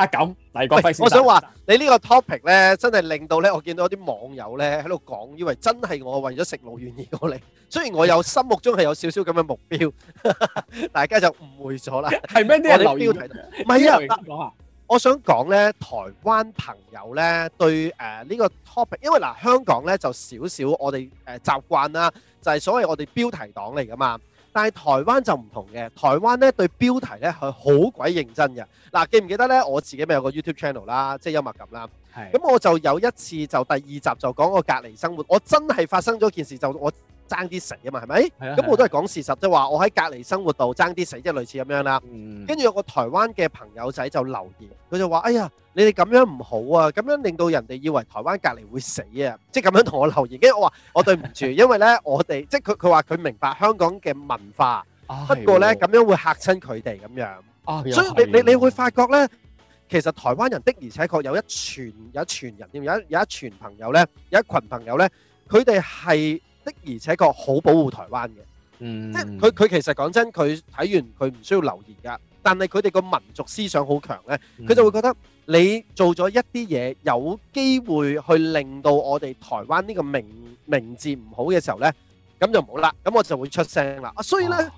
啊咁，黎國輝先生，我想話你呢個 topic 咧，真係令到咧，我見到啲網友咧喺度講，以為真係我為咗食老軟而過嚟。雖然我有心目中係有少少咁嘅目標，大家就誤會咗啦。係咩呢？啲標題唔係啊，我想講咧，台灣朋友咧對誒呢個 topic，因為嗱香港咧就少少我哋誒習慣啦，就係所謂我哋標題黨嚟噶嘛。但係台灣就唔同嘅，台灣咧對標題咧係好鬼認真嘅。嗱，啊，記唔記得咧？我自己咪有個 YouTube channel 啦，即係幽默感啦。係，咁是的 我就有一次就第二集就講我隔離生活，我真係發生咗件事，就我。爭啲死啊嘛，係咪？咁我都係講事實，即係話我喺隔離生活度爭啲死，即係類似咁樣啦。跟住有個台灣嘅朋友仔就留言，佢就話：哎呀，你哋咁樣唔好啊，咁樣令到人哋以為台灣隔離會死啊！即係咁樣同我留言。跟住我話：我對唔住，因為呢我哋即係佢佢話佢明白香港嘅文化，不過呢咁樣會嚇親佢哋咁樣。所以你你你會發覺呢，其實台灣人的而且確有一羣有一羣人，點樣有一羣朋友呢，有一群朋友呢，佢哋係。的而且確好保護台灣嘅，嗯、即佢佢其實講真，佢睇完佢唔需要留言噶。但係佢哋個民族思想好強呢，佢就會覺得、嗯、你做咗一啲嘢，有機會去令到我哋台灣呢個名名字唔好嘅時候呢，咁就唔好啦。咁我就會出聲啦。啊，所以呢。哦。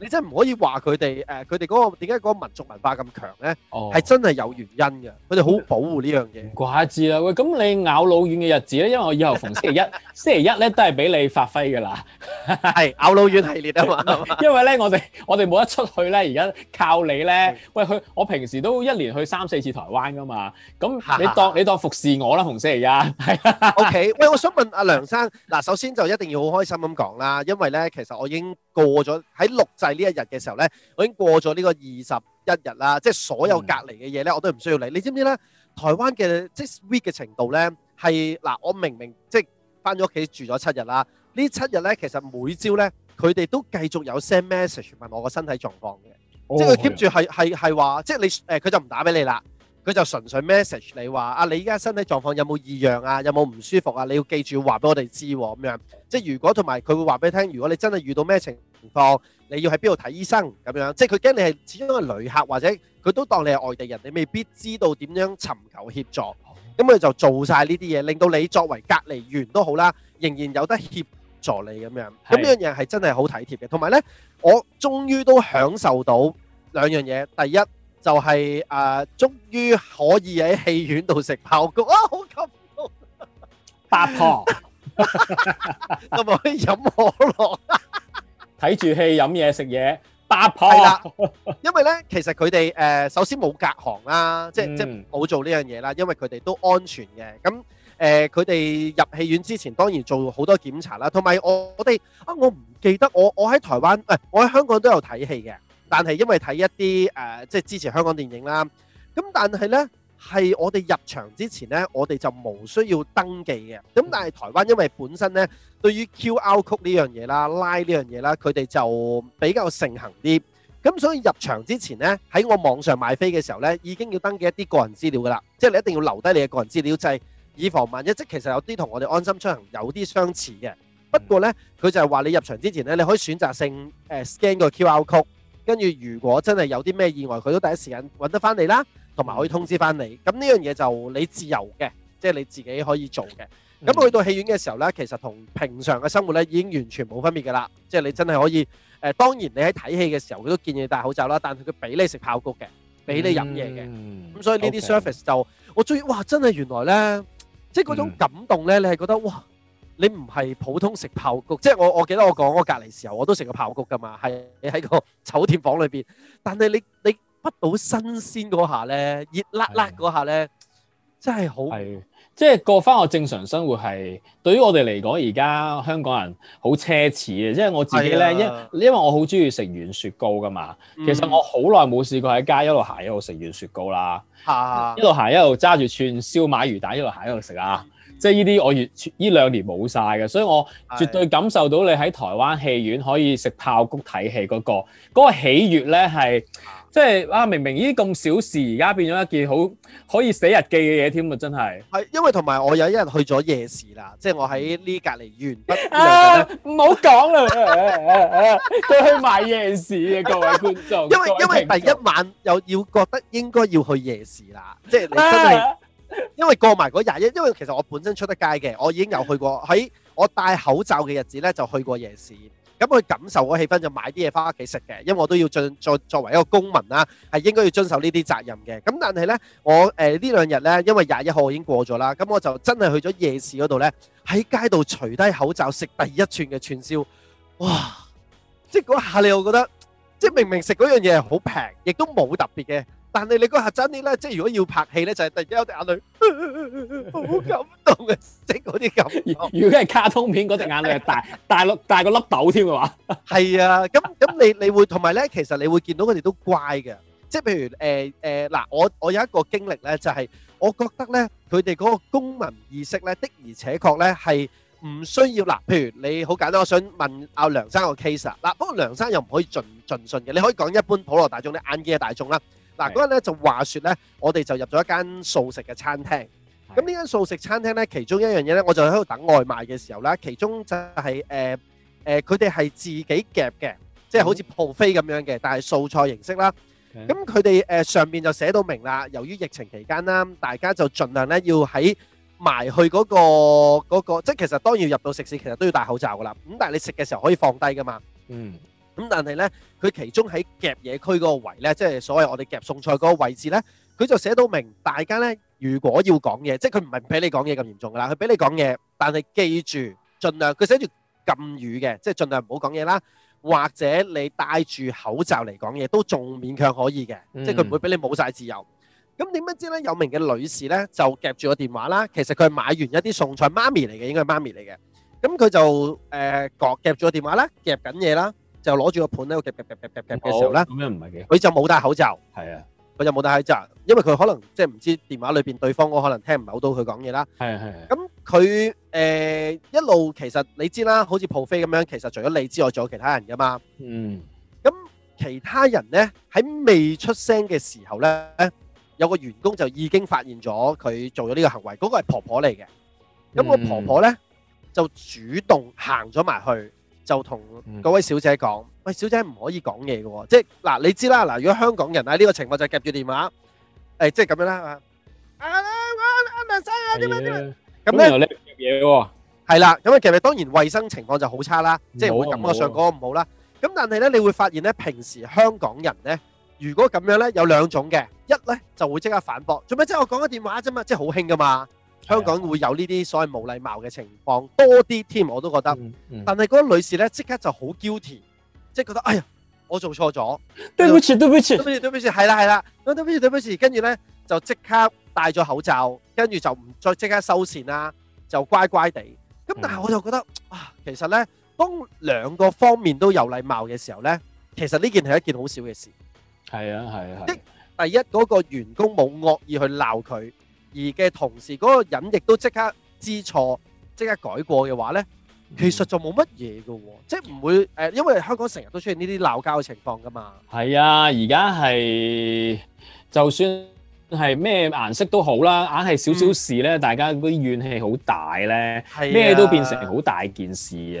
你真係唔可以話佢哋誒，佢哋嗰個點解嗰個民族文化咁強咧？係真係有原因嘅，佢哋好保護呢樣嘢。怪得之啦！喂，咁你咬老軟嘅日子咧，因為我以後逢星期一，星期一咧都係俾你發揮噶啦，係咬老軟系列啊嘛。因為咧，我哋我哋冇得出去咧，而家靠你咧。喂，佢我平時都一年去三四次台灣噶嘛。咁你當你當服侍我啦，逢星期一。係，O K，喂，我想問阿梁生嗱，首先就一定要好開心咁講啦，因為咧，其實我已經過咗喺六集。喺呢一日嘅時候咧，我已經過咗呢個二十一日啦，即係所有隔離嘅嘢咧，我都唔需要理。你知唔知咧？台灣嘅即係 strict 嘅程度咧，係嗱，我明明即係返咗屋企住咗七日啦，呢七日咧，其實每朝咧，佢哋都繼續有 send message 問我個身體狀況嘅。哦，即係佢 keep 住係係係話，即、欸、係你誒佢就唔打俾你啦，佢就純粹 message 你話：阿、啊、你依家身體狀況有冇異樣啊？有冇唔舒服啊？你要記住話俾我哋知喎咁樣。即係如果同埋佢會話俾你聽，如果你真係遇到咩情況情況，你要喺邊度睇醫生咁樣，即係佢驚你係始終係旅客，或者佢都當你係外地人，你未必知道點樣尋求協助，咁佢就做晒呢啲嘢，令到你作為隔離員都好啦，仍然有得協助你咁樣，咁呢樣嘢係真係好體貼嘅。同埋呢，我終於都享受到兩樣嘢，第一就係誒，終於可以喺戲院度食爆谷啊，好激動！八婆，咁我可以飲可樂。睇住戲飲嘢食嘢，八破。係啦，因為咧，其實佢哋誒，首先冇隔行啦，即係、嗯、即係冇做呢樣嘢啦，因為佢哋都安全嘅。咁誒，佢、呃、哋入戲院之前當然做好多檢查啦，同埋我我哋啊，我唔記得我我喺台灣，唔、呃、我喺香港都有睇戲嘅，但係因為睇一啲誒、呃，即係支持香港電影啦。咁但係咧。係我哋入場之前呢，我哋就冇需要登記嘅。咁但係台灣因為本身呢對於 QR code 呢樣嘢啦、拉呢樣嘢啦，佢哋就比較盛行啲。咁所以入場之前呢，喺我網上買飛嘅時候呢，已經要登記一啲個人資料噶啦。即係你一定要留低你嘅個人資料，就係以防萬一。即係其實有啲同我哋安心出行有啲相似嘅。不過呢，佢就係話你入場之前呢，你可以選擇性誒 scan 個 QR code，跟住如果真係有啲咩意外，佢都第一時間揾得翻你啦。同埋可以通知翻你，咁呢樣嘢就你自由嘅，即係你自己可以做嘅。咁去到戲院嘅時候咧，其實同平常嘅生活咧已經完全冇分別㗎啦。即係你真係可以誒，當然你喺睇戲嘅時候，佢都建議戴口罩啦。但係佢俾你食爆谷嘅，俾你飲嘢嘅。咁所以呢啲 service 就我最哇，真係原來咧，即係嗰種感動咧，你係覺得哇，你唔係普通食爆谷，即係我我記得我講我隔離時候我都食過爆谷噶嘛，係你喺個酒店房裏邊，但係你你。到新鮮嗰下咧，熱辣辣嗰下咧，的真係好。係即係過返我正常生活係，對於我哋嚟講，而家香港人好奢侈嘅。即係我自己咧，因的因為我好中意食軟雪糕噶嘛。嗯、其實我好耐冇試過喺街一路行一路食軟雪糕啦。啊的！一路行一路揸住串燒買魚蛋一一，一路行一路食啊！即係呢啲我越呢兩年冇晒嘅，所以我絕對感受到你喺台灣戲院可以食爆谷睇戲嗰、那個嗰、那個喜悅咧，係、那個。即係啊！明明呢啲咁小事，而家變咗一件好可以寫日記嘅嘢添啊！真係係因為同埋我有一日去咗夜市啦，即係我喺呢隔離完啊！唔好講啦，都去埋夜市嘅各位觀眾。因為因為第一晚又要覺得應該要去夜市啦，即係你真係，啊，因為過埋嗰廿一，因為其實我本身出得街嘅，我已經有去過喺我戴口罩嘅日子咧，就去過夜市。咁佢感受嗰氣氛就買啲嘢返屋企食嘅，因為我都要盡作作為一個公民啦，係應該要遵守呢啲責任嘅。咁但係咧，我誒呢兩日咧，因為廿一號已經過咗啦，咁我就真係去咗夜市嗰度咧，喺街度除低口罩食第一串嘅串燒，哇！即係嗰下你又覺得，即係明明食嗰樣嘢係好平，亦都冇特別嘅。但係你嗰下真啲啦，即係如果要拍戲咧，就係、是、突然間有隻眼淚 呵呵，好感動嘅，即嗰啲感覺。如果係卡通片嗰隻眼淚大， 大，大，大粒大個粒豆添嘅嘛。係 啊，咁咁你你會同埋咧，其實你會見到佢哋都乖嘅，即係譬如誒誒嗱，我我有一個經歷咧，就係、是、我覺得咧，佢哋嗰個公民意識咧的而且確咧係唔需要嗱。譬如你好簡單，我想問阿梁生個 case 啊。嗱，不過梁生又唔可以盡盡信嘅，你可以講一般普羅大眾啲眼見嘅大眾啦。嗱，嗰日咧就話說咧，我哋就入咗一間素食嘅餐廳。咁呢間素食餐廳咧，其中一樣嘢咧，我就喺度等外賣嘅時候啦。其中就係誒誒，佢哋係自己夾嘅，即係好似 buffet 咁樣嘅，但係素菜形式啦。咁佢哋誒上面就寫到明啦，由於疫情期間啦，大家就盡量咧要喺埋去嗰、嗰個、嗰個、即係其實當然要入到食肆其實都要戴口罩噶啦。咁但係你食嘅時候可以放低噶嘛？嗯。咁但係咧，佢其中喺夾野區嗰個位咧，即係所謂我哋夾餸菜嗰個位置咧，佢就寫到明，大家咧如果要講嘢，即係佢唔係唔俾你講嘢咁嚴重㗎啦。佢俾你講嘢，但係記住，儘量佢寫住禁語嘅，即係儘量唔好講嘢啦。或者你戴住口罩嚟講嘢都仲勉強可以嘅，即係佢唔會俾你冇晒自由。咁點樣知咧？有名嘅女士咧就夾住個電話啦。其實佢買完一啲餸菜媽咪嚟嘅，應該係媽咪嚟嘅。咁佢就誒夾夾住咗電話啦，夾緊嘢啦。就攞住個盤咧，夾夾夾夾夾嘅時候咧，咁樣唔係幾好。佢就冇戴口罩，係啊，佢就冇戴口罩，因為佢可能即係唔知電話裏邊對方我可能聽唔係好到佢講嘢啦。係啊係。咁佢誒一路其實你知啦，好似鋪飛咁樣，其實除咗你之外，仲有其他人噶嘛。嗯。咁其他人咧喺未出聲嘅時候咧，有個員工就已經發現咗佢做咗呢個行為，嗰個係婆婆嚟嘅。咁個婆婆咧就主動行咗埋去。就同嗰位小姐講：喂，小姐唔可以講嘢㗎喎，即係嗱，你知啦，嗱，如果香港人喺呢個情況就夾住電話，誒，即係咁樣啦啊。咁咧，咁咧，夾嘢喎，係啦，咁啊，其實當然衞生情況就好差啦，即係感覺上嗰個唔好啦。咁但係咧，你會發現咧，平時香港人咧，如果咁樣咧，有兩種嘅，一咧就會即刻反駁，做咩？即係我講緊電話啫嘛，即係好興噶嘛。香港會有呢啲所謂冇禮貌嘅情況多啲添，我都覺得。但係嗰女士咧，即刻就好 guilty，即係覺得哎呀，我做錯咗，對不起對不起對不起對不起，係啦係啦，對不起對不起，跟住咧就即刻戴咗口罩，跟住就唔再即刻收線啦，就乖乖地。咁但係我就覺得啊，其實咧，當兩個方面都有禮貌嘅時候咧，其實呢件係一件好少嘅事。係啊係啊係。第一嗰個員工冇惡意去鬧佢。而嘅同時，嗰個人亦都即刻知錯，即刻改過嘅話咧，其實就冇乜嘢㗎喎，即係唔會誒、呃，因為香港成日都出現呢啲鬧交嘅情況噶嘛。係啊，而家係就算係咩顏色都好啦，硬係少少事咧，嗯、大家啲怨氣好大咧，咩、啊、都變成好大件事啊！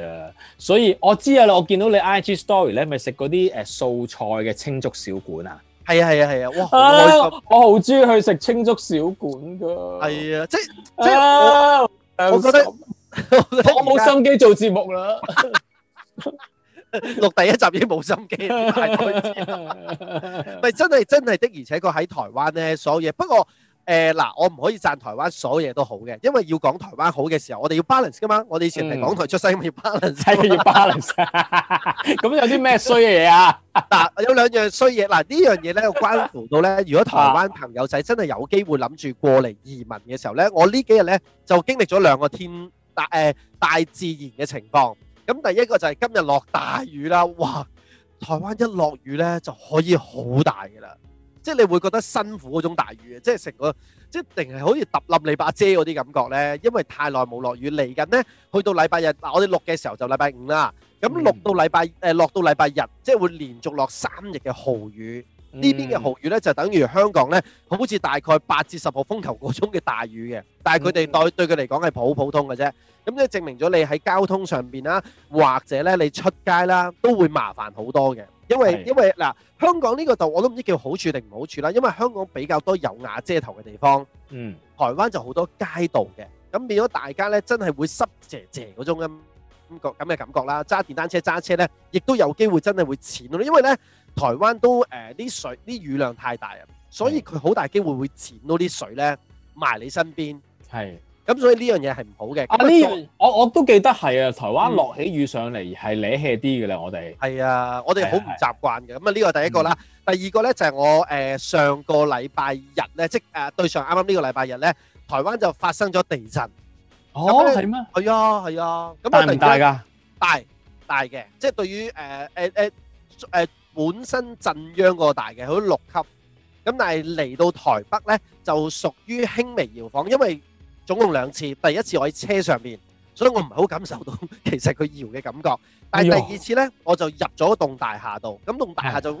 所以我知啊，我見到你 IG story 咧，咪食嗰啲誒素菜嘅青竹小館啊？係啊係啊係啊，哇！我好中意去食清粥小館噶。係啊，即係即係我覺得我冇心機做節目啦，錄第一集已經冇心機。咪真係真係的，而且確喺台灣咧，所有嘢不過。誒嗱、呃，我唔可以讚台灣所有嘢都好嘅，因為要講台灣好嘅時候，我哋要 balance 噶嘛。我哋以前係港台、嗯、出、嗯、 世，要 balance，西要 balance。咁有啲咩衰嘅嘢啊？嗱、 呃，有兩樣衰嘢。嗱、呃、呢樣嘢咧，關乎到咧，如果台灣朋友仔真係有機會諗住過嚟移民嘅時候咧，我幾呢幾日咧就經歷咗兩個天大誒、呃、大自然嘅情況。咁第一個就係今日落大雨啦，哇！台灣一落雨咧就可以好大嘅啦。即係你會覺得辛苦嗰種大雨嘅，即係成個即係定係好似揼冧你把遮嗰啲感覺咧，因為太耐冇落雨嚟緊咧，去到禮拜日嗱，我哋錄嘅時候就禮拜五啦，咁落到禮拜誒落到禮拜日，即係會連續落三日嘅豪雨。呢邊嘅豪雨咧就等於香港咧，好似大概八至十號風球嗰種嘅大雨嘅，但係佢哋對對佢嚟講係好普通嘅啫。咁即係證明咗你喺交通上邊啦，或者咧你出街啦都會麻煩好多嘅。因為因為嗱，的香港呢個度我都唔知叫好處定唔好處啦。因為香港比較多有瓦遮頭嘅地方，嗯，台灣就好多街道嘅，咁變咗大家咧真係會濕滋滋嗰種咁咁個咁嘅感覺啦。揸電單車揸車咧，亦都有機會真係會濺到。因為咧台灣都誒啲、呃、水啲雨量太大啊，所以佢好大機會會濺到啲水咧埋你身邊。係。咁所以呢樣嘢係唔好嘅。啊呢樣，我我都記得係啊，台灣落起雨上嚟係惹氣啲嘅啦，我哋係啊，我哋好唔習慣嘅。咁啊，呢個第一個啦，第二個咧就係我誒上個禮拜日咧，即誒對上啱啱呢個禮拜日咧，台灣就發生咗地震。哦，係咩？係啊，係啊。咁大唔大㗎？大，大嘅。即係對於誒誒誒誒本身震央嗰個大嘅，好似六級。咁但係嚟到台北咧，就屬於輕微搖晃，因為，總共兩次，第一次我喺車上面，所以我唔係好感受到其實佢搖嘅感覺。但係第二次呢，我就入咗棟大廈度，咁棟大廈就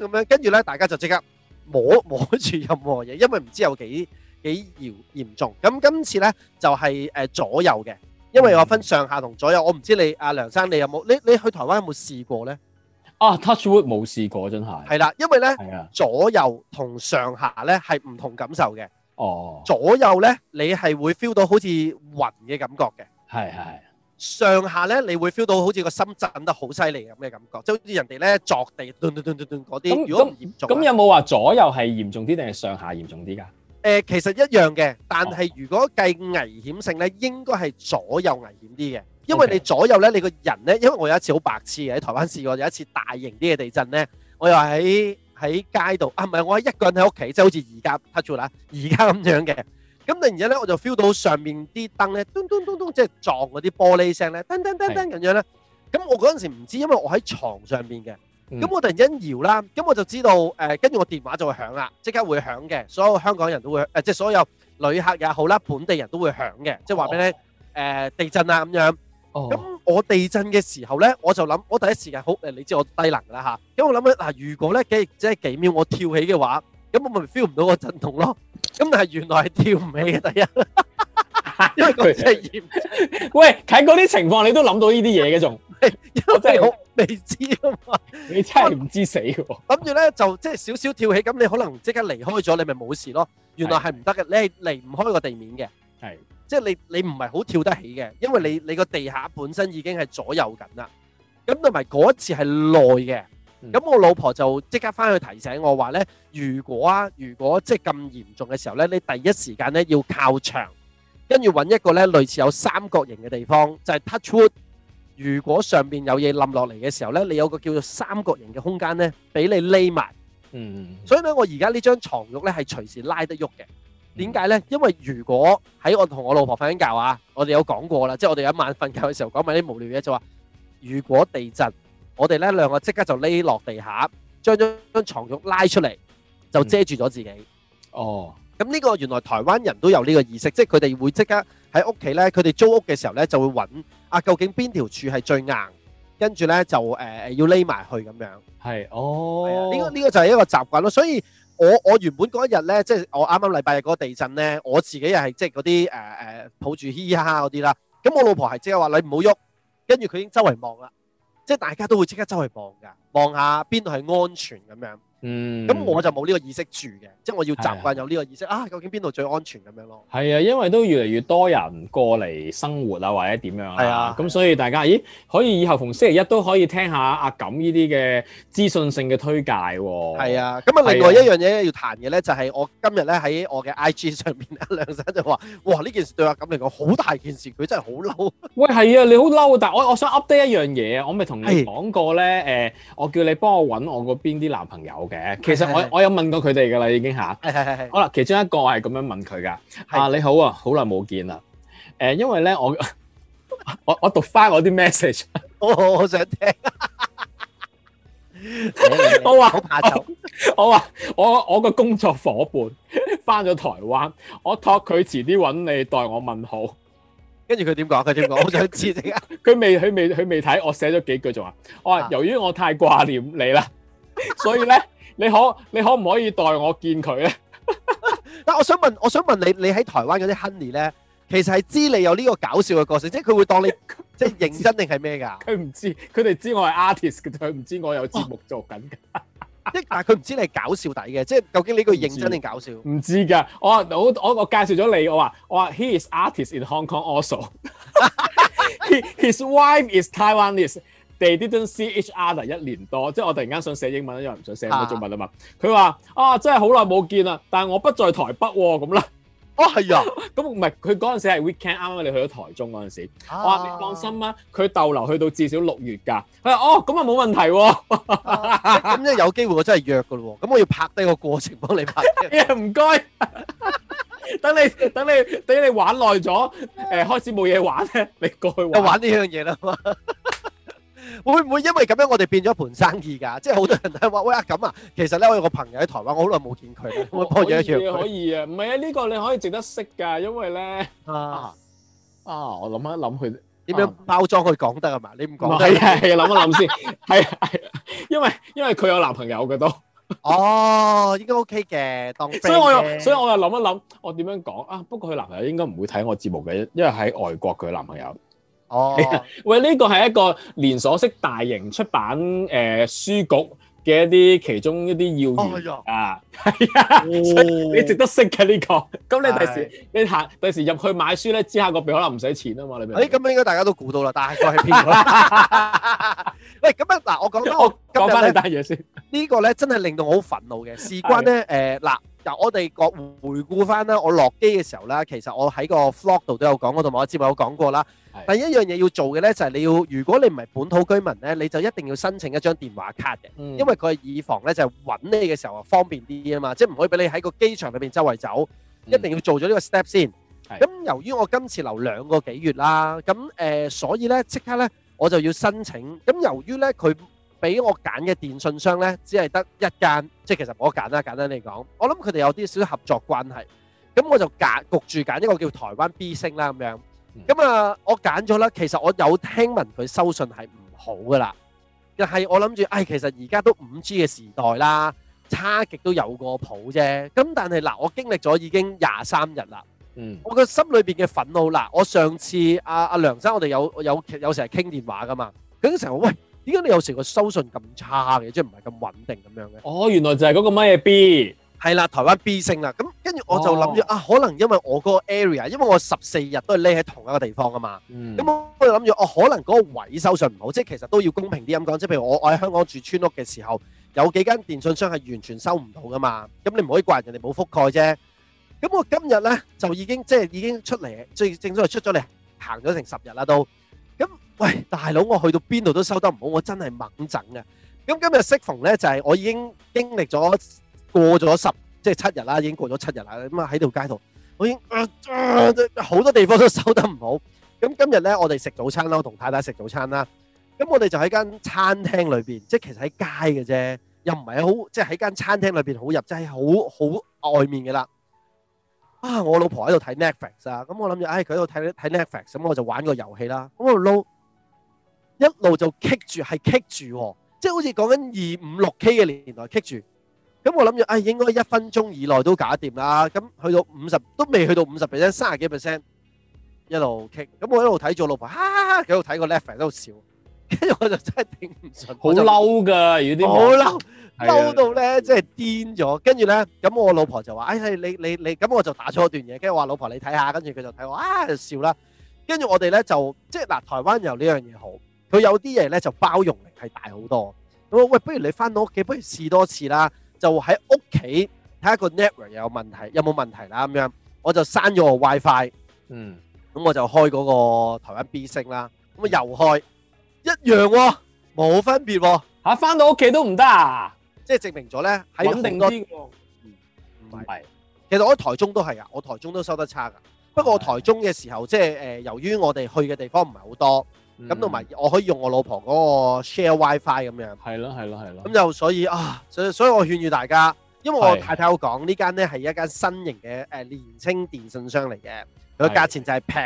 咁樣，跟住呢大家就即刻摸摸住任何嘢，因為唔知有幾幾搖嚴重。咁今次呢就係誒左右嘅，因為我分上下同左右。我唔知你阿梁生你有冇？你你去台灣有冇試過呢？啊，touch wood 冇試過真係，係啦，因為咧，左右同上下咧係唔同感受嘅。哦，左右咧，你係會 feel 到好似暈嘅感覺嘅。係係，上下咧，你會 feel 到好似個心震得好犀利咁嘅感覺，即係好似人哋咧坐地頓頓頓頓嗰啲。咁咁咁有冇話左右係嚴重啲定係上下嚴重啲㗎？誒，其實一樣嘅，但係如果計危險性咧，應該係左右危險啲嘅。因為你左右咧，你個人咧，因為我有一次好白痴嘅喺台灣試過，有一次大型啲嘅地震咧，我又喺喺街度啊，唔係，我係一個人喺屋企，即係好似而家 touch 住啦，而家咁樣嘅。咁突然間咧，我就 feel 到上面啲燈咧，咚咚咚咚，即係撞嗰啲玻璃聲咧，噔噔噔噔咁樣咧。咁我嗰陣時唔知，因為我喺床上邊嘅。咁、嗯、我突然間搖啦，咁我就知道誒，跟、呃、住我電話就會響啦，即刻會響嘅。所有香港人都會誒，即係所有旅客也好啦，本地人都會響嘅，即係話俾你誒、呃、地震啊咁樣。哦，咁我地震嘅時候咧，我就諗，我第一時間好誒，你知我低能噶啦嚇。咁、嗯、我諗咧，嗱，如果咧幾即係幾秒我跳起嘅話，咁我咪 feel 唔到個震動咯。咁但係原來係跳唔起嘅第一，因為佢實驗。 喂，睇嗰啲情況你都諗到呢啲嘢嘅仲， 因為我，我真係好未知啊嘛。你真係唔知死喎。諗住咧就即係少少跳起，咁你可能即刻離開咗，你咪冇事咯。原來係唔得嘅，是你係離唔開個地面嘅。係是。即係你你唔係好跳得起嘅，因為你你個地下本身已經係左右緊啦。咁同埋嗰一次係耐嘅，咁、嗯、我老婆就即刻翻去提醒我話呢，如果啊，如果即係咁嚴重嘅時候呢，你第一時間呢要靠牆，跟住揾一個呢類似有三角形嘅地方，就係、是、touch wood。如果上邊有嘢冧落嚟嘅時候呢，你有個叫做三角形嘅空間呢，俾你匿埋。嗯。所以呢，我而家呢張床褥呢，係隨時拉得喐嘅。點解呢？因為如果喺我同我老婆瞓緊覺啊，我哋有講過啦，即係我哋一晚瞓覺嘅時候講埋啲無聊嘢，就話如果地震，我哋呢兩個即刻就匿落地下，將張床褥拉出嚟，就遮住咗自己。哦，咁呢個原來台灣人都有呢個意識，即係佢哋會即刻喺屋企呢，佢哋租屋嘅時候呢就會揾啊，究竟邊條柱係最硬，跟住呢就誒要匿埋去咁樣。係哦，呢個呢個就係一個習慣咯，所以。我我原本嗰一日咧，即係我啱啱禮拜日嗰個地震咧，我自己又係即係嗰啲誒誒抱住嘻嘻哈哈嗰啲啦。咁我老婆係即刻話你唔好喐，跟住佢已經周圍望啦，即係大家都會即刻周圍望㗎，望下邊度係安全咁樣。嗯，咁我就冇呢個意識住嘅，即係我要習慣有呢個意識啊。究竟邊度最安全咁樣咯？係啊，因為都越嚟越多人過嚟生活啊，或者點樣啊，咁所以大家咦可以以後逢星期一都可以聽下阿錦呢啲嘅資訊性嘅推介喎。係啊，咁啊另外一樣嘢要談嘅咧就係我今日咧喺我嘅 IG 上面阿梁生就話：哇呢件事對阿錦嚟講好大件事，佢真係好嬲。喂係啊，你好嬲，但係我我想 update 一樣嘢我咪同你講過咧，誒我叫你幫我揾我嗰邊啲男，男朋友。其實我是是是我有問過佢哋噶啦，已經吓。是是是是好啦，其中一個我係咁樣問佢噶。是是啊，你好啊，好耐冇見啦。誒、呃，因為咧，我我我讀翻我啲 message。 我好，好想聽。 我話我怕醜。我話我我個工作伙伴翻咗台灣，我託佢遲啲揾你代我問好。跟住佢點講？佢點講？我想知啊。佢未佢未佢未睇。我寫咗幾句就話。我話由於我太掛念你啦， 所以咧。 你可你可唔可以代我見佢咧？ 但我想問，我想問你，你喺台灣嗰啲 Honey 咧，其實係知你有呢個搞笑嘅角色，即係佢會當你 即係認真定係咩噶？佢唔知，佢哋知我係 artist 嘅，佢唔知我有節目做緊。 即係但係佢唔知你係搞笑底嘅，即係究竟呢個認真定搞笑？唔知噶，我我我介紹咗你，我話我話，He is artist in Hong Kong also. His wife is Taiwanese. 地啲真 CHR 啦，HR, 一年多，即係我突然間想寫英文啦，因為唔想寫咁多中文啊嘛。佢話啊，真係好耐冇見啦，但係我不在台北，咁啦，哦係 啊，咁唔係佢嗰陣時係 weekend 啱啱你去咗台中嗰陣時，我話你放心啊，佢逗留去到至少六月噶，佢話哦咁啊冇問題、啊，咁即係有機會我真係約噶咯，咁我要拍低個過程幫你拍，唔該，等你等你等你玩耐咗，誒、呃、開始冇嘢玩咧，你過去玩呢樣嘢啦會唔會因為咁樣我哋變咗盤生意噶？即係好多人都係話喂啊咁啊，其實咧我有個朋友喺台灣，好耐冇見佢，哦、可唔可以一撮佢？可以啊，唔係啊，呢、這個你可以值得識噶，因為咧啊啊，我諗一諗佢點樣包裝佢講得係嘛？你唔講係啊？諗一諗先，係啊， 因為因為佢有男朋友嘅都哦，應該 OK 嘅，當所以，所以我又所以我又諗一諗，我點樣講啊？不過佢男朋友應該唔會睇我節目嘅，因為喺外國佢男朋友。哦，喂，呢個係一個連鎖式大型出版誒書局嘅一啲其中一啲要員啊，係啊，你值得識嘅呢個。咁你第時你下第時入去買書咧，之下個鼻可能唔使錢啊嘛，你咪。哎，咁應該大家都估到啦，但係佢係邊個？喂，咁啊嗱，我講翻我講翻呢單嘢先。呢個咧真係令到我好憤怒嘅，事關咧誒嗱，嗱我哋個回顧翻啦，我落機嘅時候啦，其實我喺個 Vlog 度都有講，我同埋我節目有講過啦。第一樣嘢要做嘅呢，就係你要，如果你唔係本土居民呢，你就一定要申請一張電話卡嘅，因為佢係以防呢就係揾你嘅時候啊方便啲啊嘛，即係唔可以俾你喺個機場裏邊周圍走，一定要做咗呢個 step 先。咁由於我今次留兩個幾月啦，咁誒所以呢即刻呢我就要申請。咁由於呢佢俾我揀嘅電信商呢，只係得一間，即係其實我簡單簡單嚟講，我諗佢哋有啲少少合作關係，咁我就揀焗住揀一個叫台灣 B 星啦咁樣。咁啊，嗯嗯、我揀咗啦。其實我有聽聞佢收信係唔好噶啦，但係我諗住，唉、哎，其實而家都五 G 嘅時代啦，差極都有個譜啫。咁但係嗱，我經歷咗已經廿三日啦。嗯，我個心裏邊嘅憤怒啦，我上次阿阿、啊啊、梁生，我哋有有有成日傾電話噶嘛，佢成日話，喂，點解你有時個收信咁差嘅，即係唔係咁穩定咁樣嘅？哦，原來就係嗰個 maybe 係啦，台灣 B 星啦，咁跟住我就諗住啊，可能因為我嗰個 area，因為我十四日都係匿喺同一個地方啊嘛，咁我諗住哦，可能嗰個位收訊唔好，即係其實都要公平啲咁講，即係譬如我我喺香港住村屋嘅時候，有幾間電信商係完全收唔到噶嘛，咁你唔可以怪人哋冇覆蓋啫。咁我今日咧就已經即係已經出嚟，最正所謂出咗嚟行咗成十日啦都。咁喂大佬，我去到邊度都收得唔好，我真係猛整呀。咁今日適逢咧就係我已經經歷咗。過咗十即係七日啦，已經過咗七日啦。咁啊喺條街度，我已經好，呃呃呃、多地方都收得唔好。咁今日咧，我哋食早餐啦，我同太太食早餐啦。咁我哋就喺間餐廳裏邊，即係其實喺街嘅啫，又唔係好即係喺間餐廳裏邊好入，真係好好外面嘅啦。啊，我老婆喺度睇 Netflix 啊，咁我諗住，唉，佢喺度睇睇 Netflix，咁我就玩個遊戲啦。咁我撈一路就棘住，係棘住，即係好似講緊二五六 K 嘅年代棘住。咁我諗住，哎，應該一分鐘以內都搞掂啦。咁去到五十都未，去到五十 percent，三十幾 percent 一路傾。咁我一路睇住我老婆，哈、啊、哈，佢又睇個 level 都笑。跟住我就真係頂唔順，好嬲噶。如啲，好嬲嬲到咧，即係癲咗。跟住咧，咁我老婆就話：哎，你你你咁我就打錯段嘢。跟住我話老婆你睇下，跟住佢就睇我啊，就笑啦。跟住我哋咧就即係嗱，台灣有呢樣嘢好，佢有啲嘢咧就包容力係大好多。咁我喂，不如你翻到屋企不如試多次啦。就喺屋企睇下個 network 有問題，有冇問題啦咁樣，我就刪咗個 WiFi，嗯，咁我就開嗰個台灣 B 城啦，咁啊又開一樣，冇分別，嚇翻到屋企都唔得啊，即係證明咗咧係穩定啲，唔係，其實我喺台中都係啊，我台中都收得差㗎，不過我台中嘅時候即係誒，由於我哋去嘅地方唔係好多。咁同埋，嗯、我可以用我老婆嗰個 share WiFi 咁樣。係咯，係咯，係咯。咁就所以啊，所以所以我勸喻大家，因為我太太有講呢間呢係一間新型嘅誒年青電信商嚟嘅，佢個價錢就係平。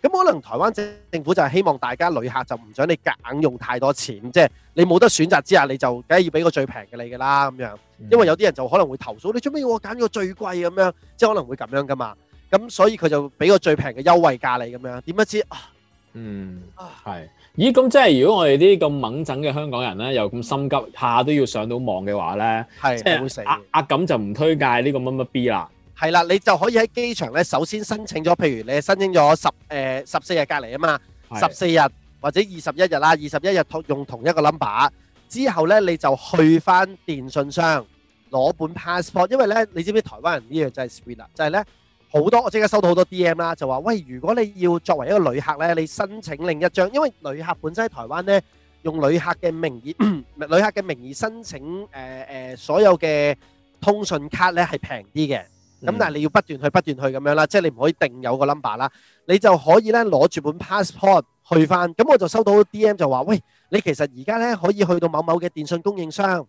咁的可能台灣政政府就係希望大家旅客就唔想你夾硬用太多錢，即係你冇得選擇之下，你就梗係要俾個最平嘅你㗎啦咁樣。因為有啲人就可能會投訴，你做咩要我揀個最貴咁樣？即係可能會咁樣㗎嘛。咁所以佢就俾個最平嘅優惠價你咁樣，點不知嗯，係，咦，咁即係如果我哋呢啲咁猛整嘅香港人咧，又咁心急，下都要上到網嘅話咧，係，會死。阿感就唔推介呢個乜乜 B 啦。係啦，你就可以喺機場咧，首先申請咗，譬如你申請咗十誒十四日隔離啊嘛，十四日或者二十一日啦，二十一日同用同一個 number 之後咧，你就去翻電信商攞本 passport，因為咧，你知唔知台灣人呢樣就係 speed 啦，就係咧。好多我即刻收到好多 D.M 啦，就話喂，如果你要作為一個旅客呢，你申請另一張，因為旅客本身喺台灣呢，用旅客嘅名義， 旅客嘅名義申請誒誒、呃呃，所有嘅通訊卡呢係平啲嘅，咁但係你要不斷去不斷去咁樣啦，即係你唔可以定有個 number 啦，你就可以呢攞住本 passport 去翻，咁我就收到 D.M 就話喂，你其實而家呢可以去到某某嘅電信供應商，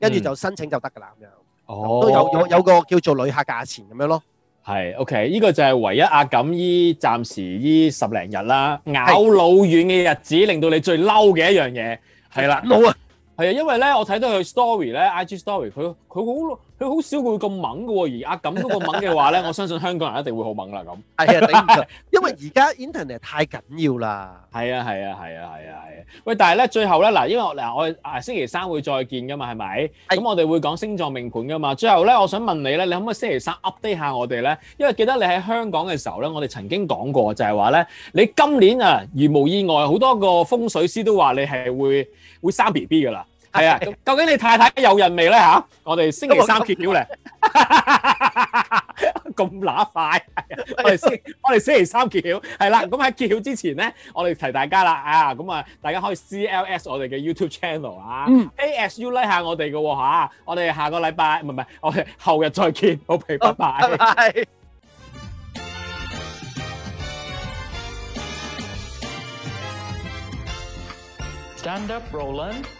跟住、嗯、就申請就得噶啦咁樣，哦、都有有有個叫做旅客價錢咁樣咯。係，OK，呢個就係唯一阿錦依暫時依十零日啦，是咬老軟嘅日子，令到你最嬲嘅一樣嘢係啦，冇呀，係啊，因為咧我睇到佢 story 咧，IG story，佢佢好。佢好少會咁猛㗎喎，而阿感嗰個猛嘅話咧，我相信香港人一定會好猛啦咁。係啊，因為而家 internet 太緊要啦。係啊，係啊，係啊，係啊，係啊。喂，但係咧最後咧嗱，因為嗱我啊星期三會再見㗎嘛，係咪？咁我哋會講星座命盤㗎嘛。最後咧，我想問你咧，你可唔可以星期三 update 下我哋咧？因為記得你喺香港嘅時候咧，我哋曾經講過就係話咧，你今年啊，如無意外，好多個風水師都話你係會會生 BB 㗎啦。係啊，究竟你太太有人未咧嚇？我哋星期三揭曉咧，咁乸快！我哋星我哋星期三揭曉，係啦。咁喺揭曉之前咧，我哋提大家啦啊，咁啊，大家可以 CLS 我哋嘅 YouTube channel 啊，ASU like 下我哋嘅嚇。我哋下個禮拜唔係唔係，我哋後日再見，好皮，拜拜。Stand up, Roland.